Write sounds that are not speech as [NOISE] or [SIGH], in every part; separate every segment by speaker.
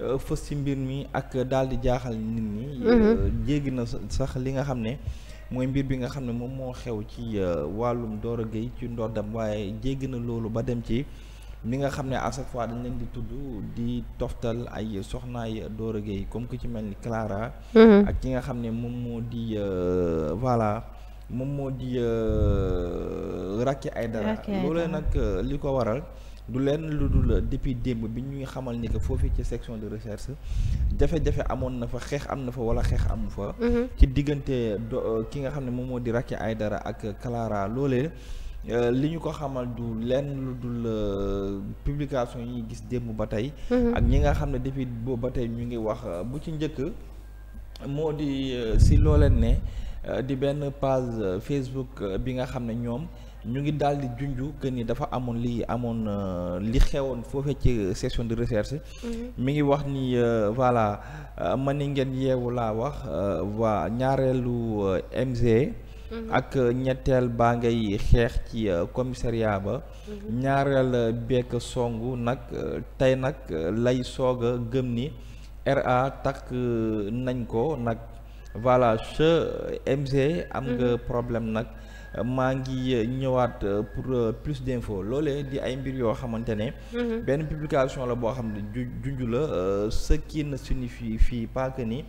Speaker 1: Euh, fës ci mbir mi ak daal di jaaxal nit ñi. Mhm. Euh, jéggi na sax li nga xam ne mooy mbir bi nga xam ne moom moo xew ci euh, wàllum Doro Gueye ci ndoddam waaye jéggi na loolu ba dem ci mi nga xam ne à chaque fois dañ leen di tudd di toftal ay door a géey comme ku ci mel ni Clara. Mhm. ak ki nga xam ne moom moo di voilà. moom moo di euh, Racky Aïdara loolee nag euh, li ko waral du leen lu dul euh, depuis démb bi ñuy xamal ni que foofii ci section de recherche jafe-jafe amoon na fa xeex am na fa wala xeex am amu fa mhm. ci diggante do ki nga xam ne moom moo di ay dara ak Clara loole li ñu ko xamal du lenn lu dul publication yi ñuy gis démb ba tey mhm. ak ñi nga xam ne depuis boobu ba tey ñu ngi wax bu ci njëkk moo di si looleen ne Euh, di benn page euh, Facebook euh, bi nga xam ne ñoom ñu ngi daal di junj que ni dafa amoon li amoon li xewoon foofee ci session de recherche. Mhm. mi ngi wax ni voilà ma ni ngeen yeewu laa wax waa ñaareelu MG. Mhm. ak ñetteel baa ngay xeex ci commissariat ba. Mhm. ñaareel bekk songu nag tey nag lay soog a gëm ni RA takk nañ ko nag. voilà che euh, mg am nga mhm. problème nag maa ngi euh, ñëwaat euh, pour plus d'infos loole di ay mbir yoo xamante ne mhm. benn publication la boo xam ne ju junj la ce qui ne signifie fii pas que ni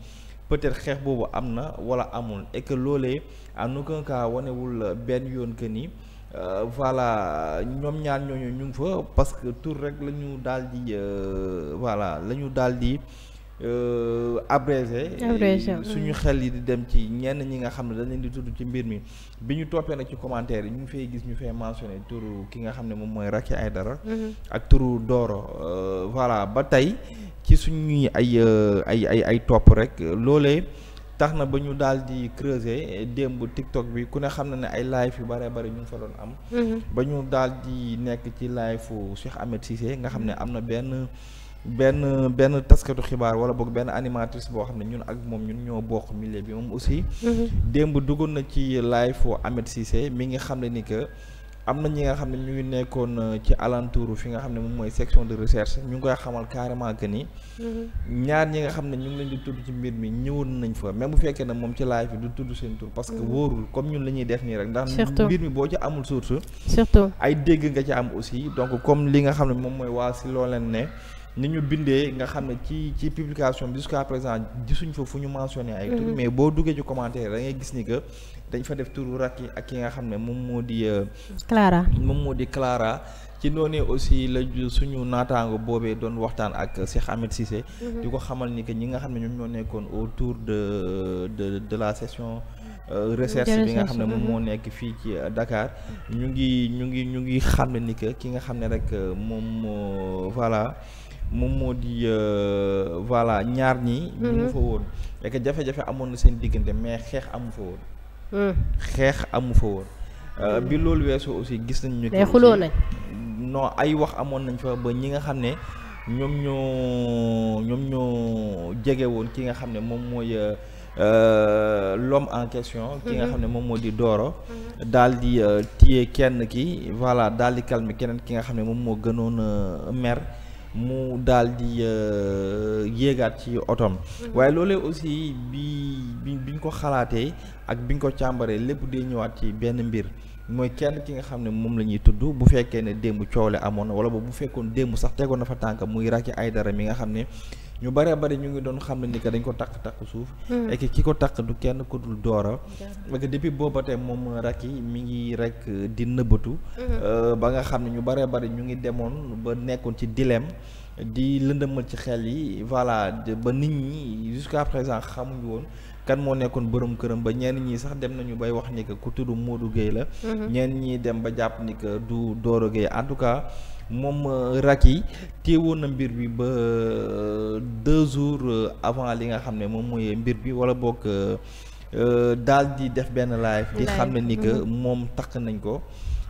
Speaker 1: peut-être xeex boobu am na wala amul et que loolee en aucun cas wanewul benn yoon que ni voilà ñoom ñaan ñooñu ñu fa parce que tur rek la ñu daal di voilà la ñu daal di Euh, abrégé suñu xel yi di dem ci ñenn ñi nga xam ne dañ leen di tudd ci mbir mi bi ñu toppee nag ci commentaire yi ñu ngi fay gis ñu fay mentionné turu ki nga xam ne moom mooy ay dara mm-hmm. ak turu Doro euh, voilà ba tey ci suñuy ay euh, ay ay ay topp rek loolee tax na ba ñu daal di creuser démb TikTok bi ku ne xam na ne ay live yu bare bare ñu ngi fa doon am mm-hmm. ba ñu daal di nekk ci live Cheikh Ahmed Cissé nga xam ne am na benn benn benn taskatu xibaar wala boog benn animatrice boo xam ne ñun ak moom ñun ñoo bokk milieu bi moom aussi. Mhm. démb duggoon na ci live fu Ahmed Cissé mi ngi xam ne ni que am na ñi nga xam ne ñu ngi nekkoon euh, ci alentour fi nga xam ne moom mooy section de recherche ñu ngi koy xamal carrément que ni. Mhm. ñaar ñi nga xam ne ñu ngi leen di tudd ci mbir mi ñëwoon nañ fa même bu fekkee ne moom ci live bi du tudd seen tur. parce que mhm. wóorul comme ñun la ñuy def nii rek. ndax mbir mi boo ci amul source. surtout ay dégg nga ci am aussi donc comme li nga xam ne moom mooy waa si loo ne. ni ñu bindee nga xam ne ci ci publication bi jusqu'à présent suñ fa fu ñu mentionné ay tur mm-hmm. mais boo duggee ci commentaire da ngay gis ni que dañ fa def turu Racky ak ki nga xam ne moom moo di euh, Clara moom moo di Clara ci noonee aussi la suñu naataango boobee doon waxtaan ak Cheikh Ahmed Cissé mm-hmm. di ko xamal ni que ñi nga xam ne ñoom ñoo nekkoon autour de de de la session euh, recherche bi nga xam ne moom mm-hmm. moo nekk fii ci euh, Dakar ñu ngi ñu ngi ñu ngi xam ne ni que ki nga xam ne rek moom voilà moom moo di euh, voilà ñaar ñi ñu mm-hmm. ngi fa woon et jafe-jafe amoon na seen diggante mais xeex amu fa woon mm. xeex amu fa woon euh, bi loolu weesu aussi gis nañ ñu mais xuloo nañ non ay wax amoon nañ fa ba ñi nga xam ne ñoom ñoo ñoom ñoo jege woon ki nga xam ne moom mooy euh, l'homme en question ki nga mm-hmm. xam ne moom moo di dooro mm-hmm. daal di téye kenn ki voilà daal di calmer keneen ki nga xam ne moom moo gënoon a mer mu daal di euh, yéegaat ci otom mhm. waaye loole aussi bi bi biñ ko xalaatee ak bi ñu ko càmbaree lépp dee ñëwaat ci benn mbir mooy kenn ki nga xam ne moom la ñuy tudd bu fekkee ne démb coole amoon na wala boobu bu fekkoon démb sax tegoon na fa tànk muy ay dara mi nga xam ne ñu bëree bëri ñu ngi doon xam ne ni que dañ ko takk takk suuf. Hmm. et ki ko takk du kenn ku dul doora. parce que depuis booba tey moom rakk yi mi ngi rek euh, di nëbbatu. Hmm. Euh, ba nga xam ne ñu bëree bëri ñu ngi demoon ba nekkoon ci dileem di lëndëmal ci xel yi voilà ba nit ñi jusqu'à présent xamuñu woon. kan moo nekkoon borom këram ba ñenn ñi sax dem nañu bay wax ni que ku tudd Modou géey la. Mhm. ñenn ñi dem ba jàpp ni que du Doro Gueye en tout cas. moom euh, rak yi téewoon na mbir bi ba euh, deux jours euh, avant li nga xam ne moom mooy mbir bi wala boog daal di def benn live di xam ne ni que mhm. moom takk nañ ko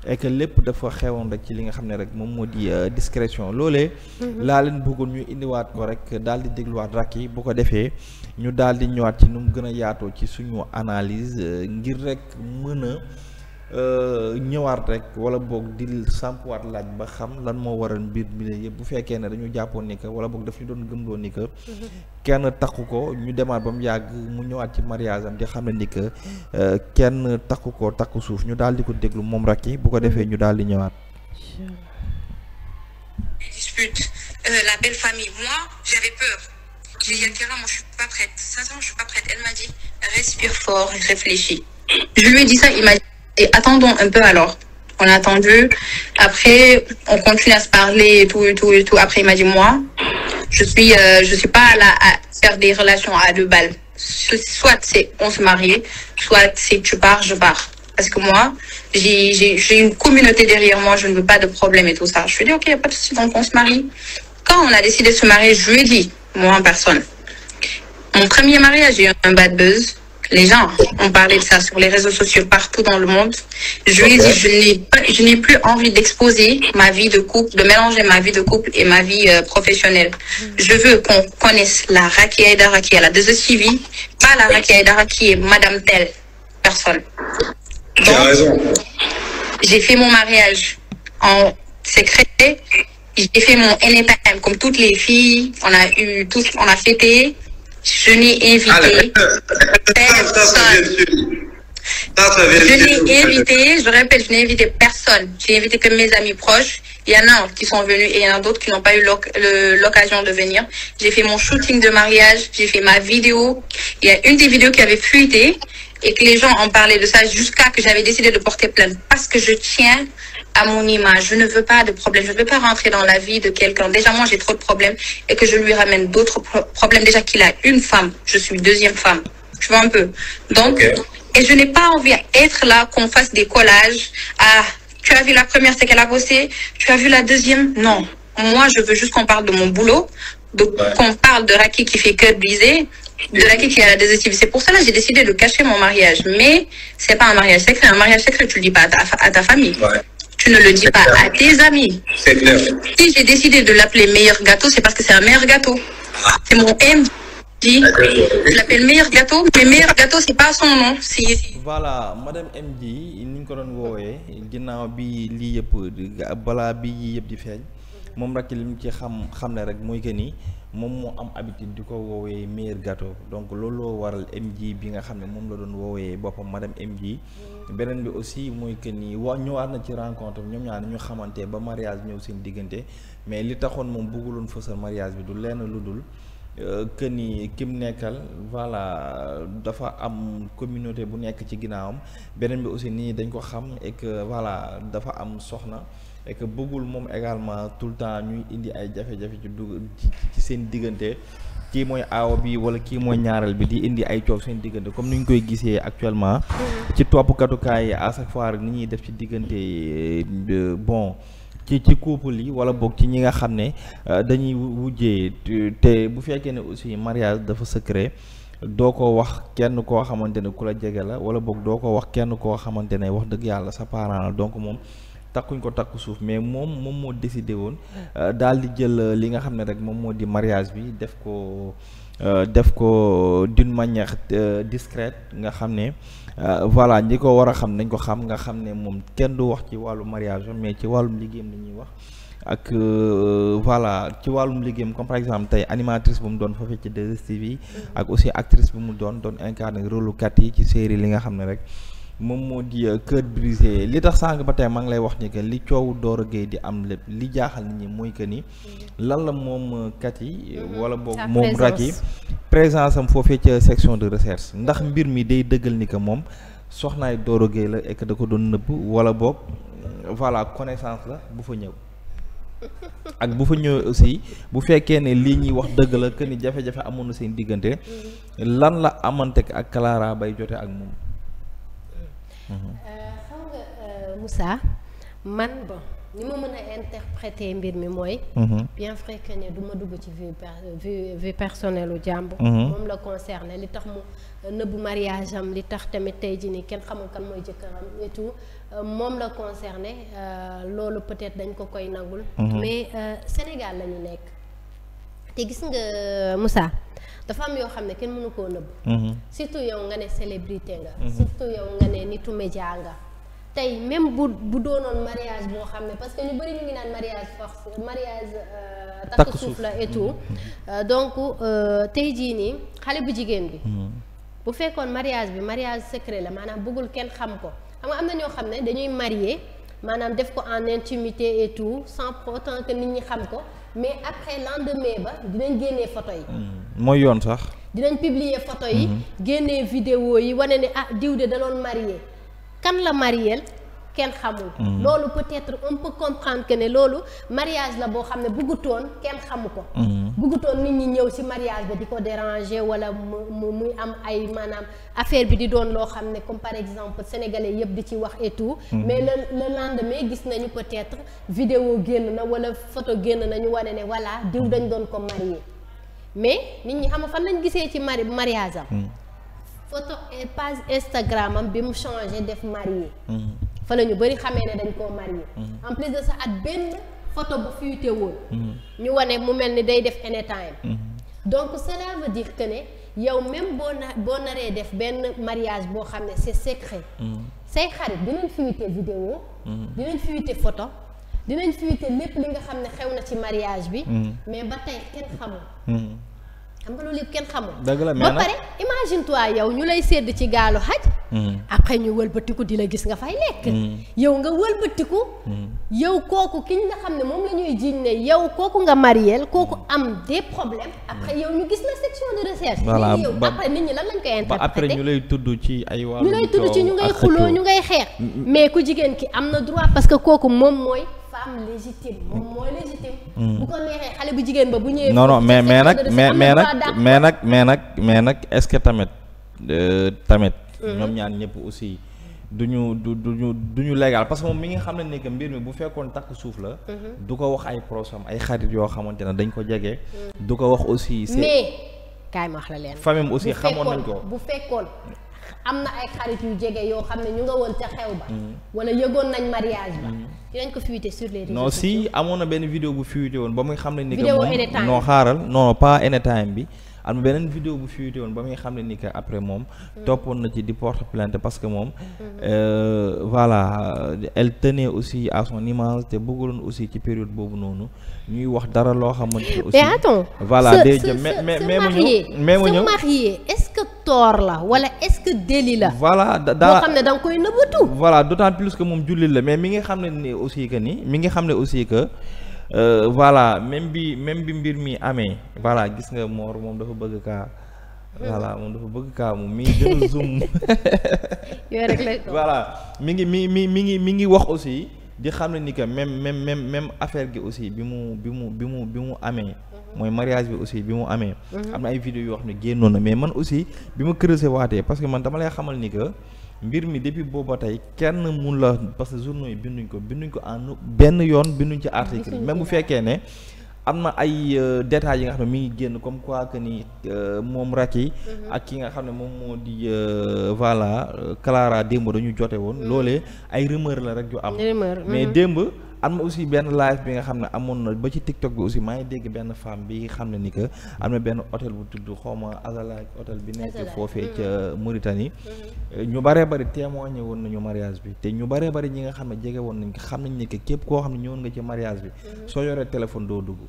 Speaker 1: et lépp dafa xewoon rek ci li nga xam ne rek moom moo di euh, discrétion loole mhm. laa leen bëggoon ñu indiwaat ko rek daal di dégluwaat rakk yi bu ko defee ñu daal di ñëwaat ci nu mu gën a yaatoo ci suñu analise euh, ngir rek mën a. Euh, ñëwaat rek wala boog di sampuwaat laaj ba xam lan moo waral mbir mi yëpp bu fekkee ne dañu jàppoon ni que wala boog daf ñu doon gëmloo ni que kenn takku ko ñu demaat ba mu yàgg mu ñëwaat ci mariage am di xam ne ni que euh, kenn takku ko takk suuf ñu daal di ko déglu moom rakki bu ko defee ñu daal di ñëwaat.
Speaker 2: dispute euh, et attendons un peu alors. On a attendu. Après, on continue à se parler et tout, et tout, et tout. Après, il m'a dit, moi, je suis, euh, je suis pas là à faire des relations à deux balles. Soit c'est on se marie, soit c'est tu pars, je pars. Parce que moi, j'ai une communauté derrière moi, je ne veux pas de problème et tout ça. Je lui ai dit, OK, il n'y a pas de souci, donc on se marie. Quand on a décidé de se marier, je lui ai dit, moi en personne, mon premier mariage, j'ai eu un bad buzz. les gens ont parlé de ça sur les réseaux sociaux partout dans le monde. Je n'ai plus envie d'exposer ma vie de couple, de mélanger ma vie de couple et ma vie euh, professionnelle. Mm. Je veux qu'on connaisse la Rakia Aïdara qui est la deuxième civile, pas la Rakia Aïdara qui Madame telle personne. J'ai fait mon mariage en secret. J'ai fait mon NPM comme toutes les filles. On a eu tous, on a fêté. Je n'ai invité Alors, personne. personne. Je n'ai invité, je répète, je n'ai invité personne. J'ai invité que mes amis proches. Il y en a qui sont venus et il y en a d'autres qui n'ont pas eu l'occasion de venir. J'ai fait mon shooting de mariage, j'ai fait ma vidéo. Il y a une des vidéos qui avait fuité et que les gens en parlaient de ça jusqu'à que j'avais décidé de porter plainte parce que je tiens à mon image. Je ne veux pas de problème. Je ne veux pas rentrer dans la vie de quelqu'un. Déjà, moi, j'ai trop de problèmes et que je lui ramène d'autres pro problèmes. Déjà qu'il a une femme, je suis deuxième femme. Tu vois un peu. Donc, okay. et je n'ai pas envie d'être là qu'on fasse des collages. Ah, tu as vu la première, c'est qu'elle a bossé. Tu as vu la deuxième Non. Moi, je veux juste qu'on parle de mon boulot, de, ouais. qu'on parle de Raki qui fait que biser, de Raki qui a la désactivité. C'est pour cela que j'ai décidé de cacher mon mariage. Mais c'est pas un mariage secret. Un mariage secret, tu le dis pas à ta, à ta famille. Ouais. tu ne le dis pas clair. à tes amis. Si j'ai décidé de l'appeler meilleur gâteau, c'est parce que c'est un meilleur gâteau. Ah. C'est mon M.
Speaker 1: Je l'appelle
Speaker 2: meilleur gâteau, c'est pas son nom.
Speaker 1: voilà madame MD ni ñu ko doon woowee ginnaaw bi lii yëpp balaa bi yëpp di feeñ. moom rakk li mu ci xam xam ne rek mooy que ni moom moo am habitude di ko woowee meilleur gato donc loolu loo waral MJ bi nga xam ne moom la doon woowee boppam ma madame MJ mm. beneen bi aussi mooy que nii wa ñëwaat na ci rencontre ñoom ñaar ñu xamante ba mariage ñëw seen diggante mais li taxoon moom bëgguloon fësal mariage bi du lenn lu dul. Euh, que ni kim nekkal voilà dafa am communauté bu nekk ci ginnaawam beneen bi aussi nii dañ ko xam et que voilà dafa am soxna. et bëggul moom également tout le temps ñuy indi ay jafe-jafe ci dugg ci seen diggante kii mooy aaw bi wala kii mooy ñaareel bi di indi ay coow seen diggante comme ni ñu koy gisee actuellement hmm. ci toppkatukaay yi à chaque fois ni ñuy def ci diggante euh, bon ci ci couple yi wala boog ci ñi nga xam ne euh, dañuy wujjee te bu fekkee ne aussi mariage dafa secret doo ko wax kenn koo xamante ne ku la jege la wala boog doo ko wax kenn koo xamante ne wax dëgg yàlla sa parent donc moom takkuñ ko takku suuf mais moom moom moo décidé woon euh, daal di jël euh, li nga xam ne rek moom moo di mariage bi def ko euh, def ko d'une manière discrète nga xam ne voilà ñi ko war a xam nañ ko xam nga xam ne moom kenn du wax ci wàllu mariage mais ci wàllum liggéem ni ñuy wax ak voilà ci wàllum liggéeyam comme par exemple tey animatrice bu mu doon foofee ci 2STV ak aussi actrice bu mu doon doon incarné rôle kat yi ci série li nga xam ne rek moom moo di euh, cœur brisé li tax sànq ba tey maa ngi lay wax ni que li coow a Gueye di am lépp li jaaxal nit ñi mooy que ni lan la moom kat euh, yi euh, mm-hmm. wala boog moom rak yi présence am foofee ca section de recherche ndax mbir mi day dëggal ni que moom soxnaay a Gueye la ek da ko doon nëbb wala boog voilà connaissance la bu fa ñëw ak bu fa ñëwee aussi bu fekkee ne lii ñuy wax dëgg la que ni jafe-jafe amoon na seen diggante mm-hmm. lan la amante ak Clara bay jote ak moom
Speaker 3: xam nga euh, Moussa man bon ni ma mën a interpréter mbir mi mooy. Mhm. bien vrai que ne du ma dugg ci vie vie vie personnelle lu mhm. moom la concerné li tax mu nëbbu mariage am li tax tamit tey jii nii kenn xamul kan mooy jëkkëram et tout euh, moom la concerné euh, loolu peut-être dañ ko koy nagul mhm. mais Sénégal lañu nekk te gis nga Moussa. dafa am yoo xam ne kenn mënu koo nëbb. Mhm. surtout yow nga ne célébrité nga. Mhm. surtout yow nga ne nitu média nga. tey même bu bu doonoon mariage boo xam ne parce que ñu bëri ñu ngi naan mariage force mariage. Euh, takk suuf la et tout. Mhm. Euh, donc euh, tey jii nii xale bu jigéen bi. bu fekkoon mariage bi mariage secret la maanaam bëggul kenn xam ko xam nga am na ñoo xam ne dañuy marié. maanaam def ko en intimité et tout sans pour autant que nit ñi xam ko mais après lendemain ba dinañ génnee photo yi. Hmm. mooy yoon sax. dinañ publier photo yi. Hmm. génne vidéo yi wane ne ah diw de da doon kan la mariel kenn xamul. Mm. loolu peut-être on peut comprendre que ne loolu mariage la boo xam ne bëggutoon kenn xamu ko. Mm. bëggutoon nit ñi ñëw si mariage ba di ko déranger walla mu muy am ay maanaam affaire bi di doon loo xam ne comme par exemple sénégalais yëpp di ci wax et tout. Mm. mais le le mais gis nañu peut-être video génn na walla foto génn nañu wane ne voilà diw dañ doon ko marié mais nit ñi xam fan lañ gisee ci mari mariage am. photo page Instagram am bi mu changé def marié. fa la ñu bëri xamee ne dañ koo marié mhm. en plus de ça at benn photo bu fuité woon mhm. ñu wane mu mel ni day def anytime mhm. donc cela veut dire que ne yow même boo naree def benn mariage boo xam ne c'est secret say xarit dinañ fuité vidéo dinañ fuité photo dinañ fuité lépp li nga xam ne xew na ci mariage bi mais ba tey kenn xamul xam nga loolu yëpp kenn xamul. dëgg la mais ba pare imagine toi yow ñu lay sedd ci gaalu xaj. Hmm. après ñu wëlbatiku di la gis nga fay lekk. Hmm. yow nga wëlbatiku. Hmm. yow kooku ki nga xam ne moom la ñuy jiiñ ne yow kooku nga mariel kooku am des problèmes après yow ñu gis la section de recherche. voilà yow après nit ñi lan lañ koy interpréter. après ñu
Speaker 1: lay tudd ci ay wàllu ñu lay
Speaker 3: ngay xeex. mais ku jigéen ki am na droit parce que kooku moom mooy. femme légitime mm. mm. bu ko neexee xale bu jigéen ba bu ñëwee. non mais mais nag mais mais nag mais
Speaker 1: nag mais nag mais nag est-ce que tamit euh, tamit. Mm-hmm. ñoom ñaan ñëpp aussi du ñu du du ñu du ñu légal parce que moom mi ngi xam ne ni que mbir mi bu fekkoon takk suuf la. Mm-hmm. du ko wax ay proches ay xarit yoo xamante ne dañ ko jege. Mm. du ko wax aussi. si
Speaker 3: kaay ma wax la leen. famille aussi xamoon nañ ko bu fekkoon. am na ay xarit yu jege yoo xam ne ñu nga woon ca xew ba. Mm-hmm. wala yëgoon nañ mariage ba. Mm-hmm. dinañ ko fuité sur les réseaux non
Speaker 1: si amoon na benn vidéo bu fuité woon ba muy xam ne. ni que moom non xaaral non pas anytime bi. am beneen vidéo bu fuité woon ba muy xam ne ni que après moom. Mm. toppoon na ci di porte plainte parce que moom. Mm-hmm. Euh, voilà elle tenait aussi à son image te bëggoon aussi ci période boobu noonu ñuy wax dara loo xam aussi. mais attends voilà déjà mais mais mais ma ñëw
Speaker 3: tort la wala est-ce la.
Speaker 1: voilà da daa boo xam ne da nga koy nëbbatu. voilà d'autant plus que moom jullit la mais mi ngi xam ne ni aussi que ni mi ngi xam ne aussi que. Euh, voilà même bi même bi mbir mi amee voilà gis nga Mor moom dafa bëgg kaa voilà moom dafa bëgg kaa moom mi ngi jël zoom [LAUGHS] voilà mi ngi mi mi mi ngi mi ngi wax aussi di xam ne ni que même même même même affaire gi aussi bi mu bi mu bi mu bi mu amee mm-hmm. mooy mariage bi aussi bi mu amee. Mhm. am na ay vidéo yoo xam ne génnoon na mais man aussi bi ma creusé waatee parce que man dama lay xamal ni que mbir mi depuis booba tey kenn mun la parce que journaux yi binduñ ko binduñ ko en benn yoon binduñ ci article même bu fekkee ne. am na ay euh, détails yi nga xam ne mi ngi génn comme quoi que ni euh, moom Racky mhm. ak ki nga xam ne moom moo di euh, voilà Clara démb dañu jote woon mhm. loolee ay rumeur la rek ju am mais démb am na aussi benn live bi nga xam ne amoon na ba ci TikTok bi aussi maa ngi dégg benn femme bi xam ne ni que am na benn hôtel bu tudd xawma Azalaï hôtel bi nekk foofee ca mm-hmm. Mauritanie mm-hmm. ñu baree bari témoigné woon nañu mariage bi te ñu baree bari ñi nga xam ne jege woon nañ ko xam nañ ni que képp koo xam ne ñëwoon nga ci mariage bi mm-hmm. soo yoree téléphone doo dugg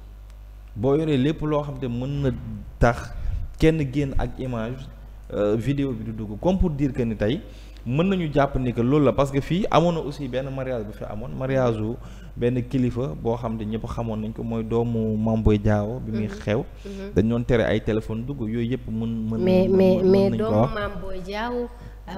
Speaker 1: boo yoree lépp loo xam te mën na tax kenn génn ak image euh, vidéo bi du dugg comme pour diir que ni tey mën nañu jàpp ni que loolu la parce que fii amoon na aussi benn mariage bu fi amoon mariage wu benn kilifa boo xam ne ñëpp xamoon nañ ko mooy doomu Mamboy Diawo bi muy mhm. xew. Mhm. dañ doon ay téléphone dugg yooyu yëpp mën. mën mais mais mais doomu
Speaker 3: Mamboy Diawo.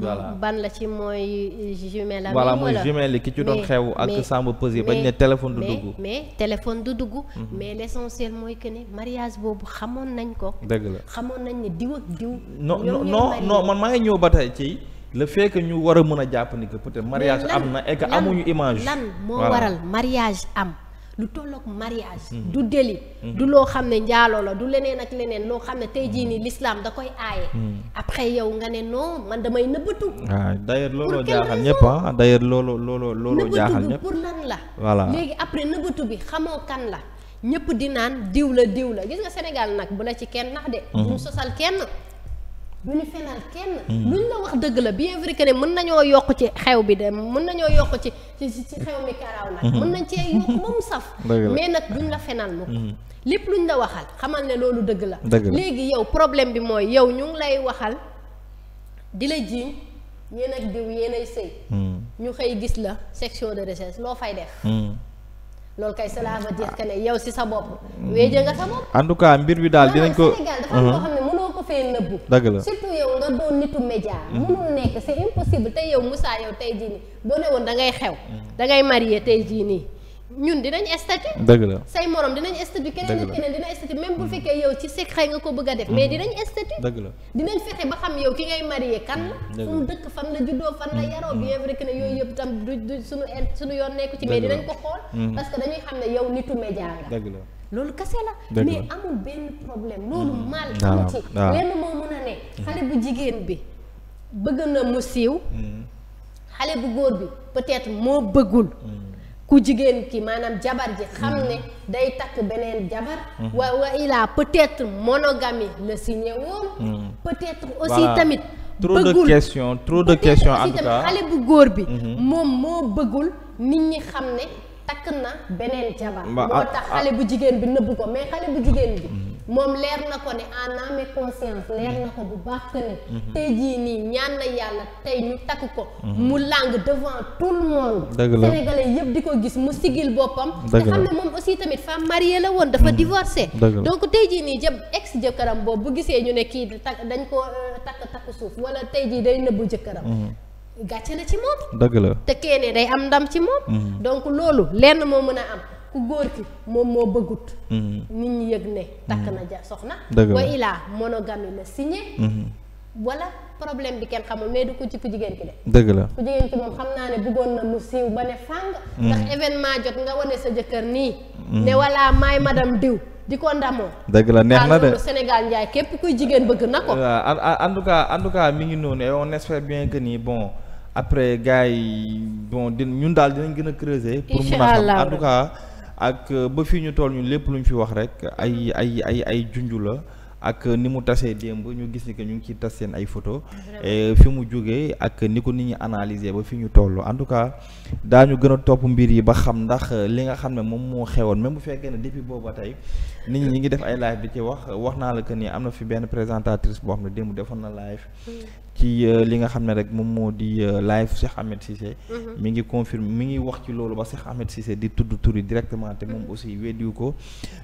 Speaker 3: voilà ban la ci mooy jumelle voilà mooy jumelle ki ci doon xew ak Samba Pesé bañ ne téléphone mais téléphone dugg mais l' mhm. essentiel mooy que ne mariage boobu xamoon nañ ko dëgg la xamoon nañ ne diw ak diw non
Speaker 1: maa ngi ba tey ci la fait ñu war a mën a jàpp ni que peut am na et que amuñu image lan moo waral
Speaker 3: mariage am lu tolloog mariage mm. du délit mm. du loo xam ne njaaloo la du leneen ak leneen loo xam ne tey jii nii lislaam da koy aaye mm. après yow nga ne non man damay nëbbatu waaw
Speaker 1: ah, d'ailleurs looloo jaaxal ñëpp ah d'ailleurs looloo looloo looloo jaaxal ñëpp pour lan la voilà léegi
Speaker 3: après nëbbatu bi kan la ñëpp di naan diw la diw la gis nga Sénégal nag bu la ci kenn nax de bu mm-hmm. mu du ñu fenal kenn. Hmm. luñ la wax dëgg la bien vrai ne mën nañoo yokk ci xew bi de mën nañoo yokk ci ci xew mi karaaw nag. Hmm. mën nañ cee yokk ba saf. [LAUGHS] mais nag duñ la fenal mu ko. Hmm. lépp luñ la xamal ne loolu dëgg la. léegi yow problème bi mooy yow ñu ngi lay waxal di la jiiñ yéen ak diw yéen ay sëy. ñu xëy gis la section de recherche loo fay def. loolu kay cela veut dire ah. ne yow si sa bopp. wéeje nga sa bopp.
Speaker 1: en tout cas mbir bi daal dinañ ko.
Speaker 3: fee nëbbu dëgg la surtout yow nga doon nitu média mënul mm-hmm. nekk c'est impossible te yow Moussa yow tey jii nii boo ne woon da xew da ngay marié tey jii nii ñun dinañ statut dëgg la say morom dinañ statut keneen ak keneen dina statut même bu mm-hmm. fekkee yow ci xëy nga ko bëgg a def mais mm-hmm. dinañ statut dëgg la dinañ fexe ba xam yow ki ngay marie kan la dëkk fan la juddoo fan la yaroo bien vrai que ne yooyu yëpp tam du du suñu suñu yoon nekku ci mais dinañ ko xool parce que dañuy xam ne yow nitu média nga dëgg loolu kese la mais amul benn problème loolu mm-hmm. mal amu ci lenn moo mën a ne mm-hmm. xale bu jigéen bi bëgg na mu siiw mm-hmm. xale bu góor bi peut-être moo bëggul ku jigéen ki maanaam jabar ji xam ne day takk beneen jabar wa wa ilaa peut-être monogamie la signé
Speaker 1: woon
Speaker 3: peut aussi tamit trop de questions
Speaker 1: trop de xale bu góor bi
Speaker 3: moom moo bëggul nit ñi xam ne takk na beneen jabar moo ah, tax ah. xale bu jigéen bi nëbb ko mais xale bu jigéen bi moom leer na ko ne en âme conscience leer na ko bu baax que ne mhm. jii nii ñaan na yàlla tey ñu takk ko mhm. mu làng devant tout le monde sénégalais yëpp di ko gis mu sigil boppam te xam ne moom aussi tamit femme mariée la woon dafa mhm. divorcé donc tey jii nii jëm ex jëkkëram boobu bu gisee ñu ne kii takk dañ ko euh, takk takk suuf wala tey jii day nëbbu jëkkëram gàcce na ci moom. dëgg la te ne day am ndam ci moom. Mhm. donc loolu lenn moo mën a am ku góor ki moom moo bëggut. Mhm. nit ñi yëg ne takk mhm. na ja soxna. dëgg la wa ilaa monogamie la signé. wala problème bi kenn xamul mais du ko jigéen ki de. dëgg la ku jigéen ki moom xam naa ne bëggoon na mu siiw ba ne fàng. ndax événement jot nga wane sa jëkkër nii. ne wala maay madame diw. di ko ndamoo.
Speaker 1: dëgg la neex na de
Speaker 3: Sénégal njaay képp kuy jigéen bëgg na ko.
Speaker 1: Euh, en tout cas en tout cas mi ngi noonu bien que ni bon. après gars yi bon di ñun daal dinañ gën a creuser. pour mun a xam en ak euh, ba fii ñu toll ñun lépp lu ñu fi wax rek ay ay ay ay junju la. ak euh, ni mu tasee démb ñu gis ni que ñu ngi ciy tas seen ay photo et euh, fi mu jógee ak ni ko nit ñi analyser ba fi ñu toll en tout cas daañu gën a topp mbir yi ba xam ndax li nga xam ne moom moo xewoon même bu fekkee ne depuis booba tey nit ñi ñi ngi def ay live bi ci wax wax naa la que ni am na fi benn présentatrice boo xam ne démb defoon na live mm. ci euh, li nga xam ne rek moom moo di euh, live Cheikh Ahmed Cissé mm-hmm. mi ngi confirme mi ngi wax ci loolu ba Cheikh si Cissé di tudd turi directement te moom mm-hmm. aussi weddiwu ko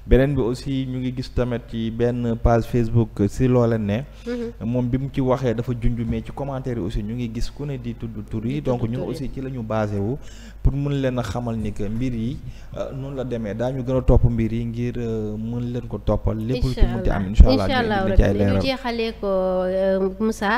Speaker 1: beneen bi aussi ñu ngi gis tamit ci benn page Facebook si loola ne mm-hmm. moom bi mu ci waxee dafa junj mais ci commentaire yi aussi ñu ngi gis ku ne di tudd turi donc ñun aussi ci la ñu basé wu pour mun leen a xamal ni que mbir yi euh, noonu la demee daañu gën a topp mbir yi ngir mën leen ko toppal lépp lu ci allah incha
Speaker 3: allah rabbi ñu